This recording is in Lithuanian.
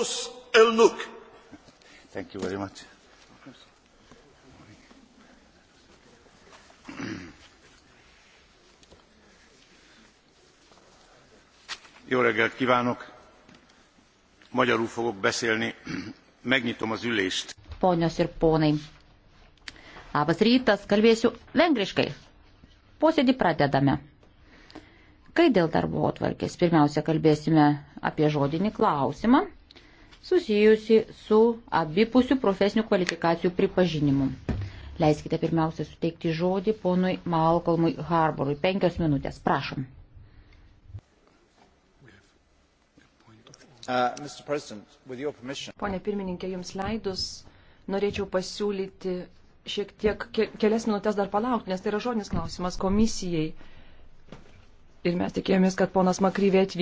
Us Elnuk. Thank you very much. Jó reggelt kívánok! Magyarul fogok beszélni. Megnyitom az ülést. Ponios ir ponai. Labas rytas, kalbėsiu vengriškai. Posėdį pradedame. Kai dėl darbo atvarkės, pirmiausia kalbėsime apie žodinį klausimą susijusi su abipusių profesinių kvalifikacijų pripažinimu. Leiskite pirmiausia suteikti žodį ponui Malcolmui Harborui. Penkios minutės, prašom. Uh, Pone pirmininkė, jums leidus, norėčiau pasiūlyti šiek tiek ke kelias minutės dar palaukti, nes tai yra žodinis klausimas komisijai. Ir mes tikėjomės, kad ponas Makryvė atvyks.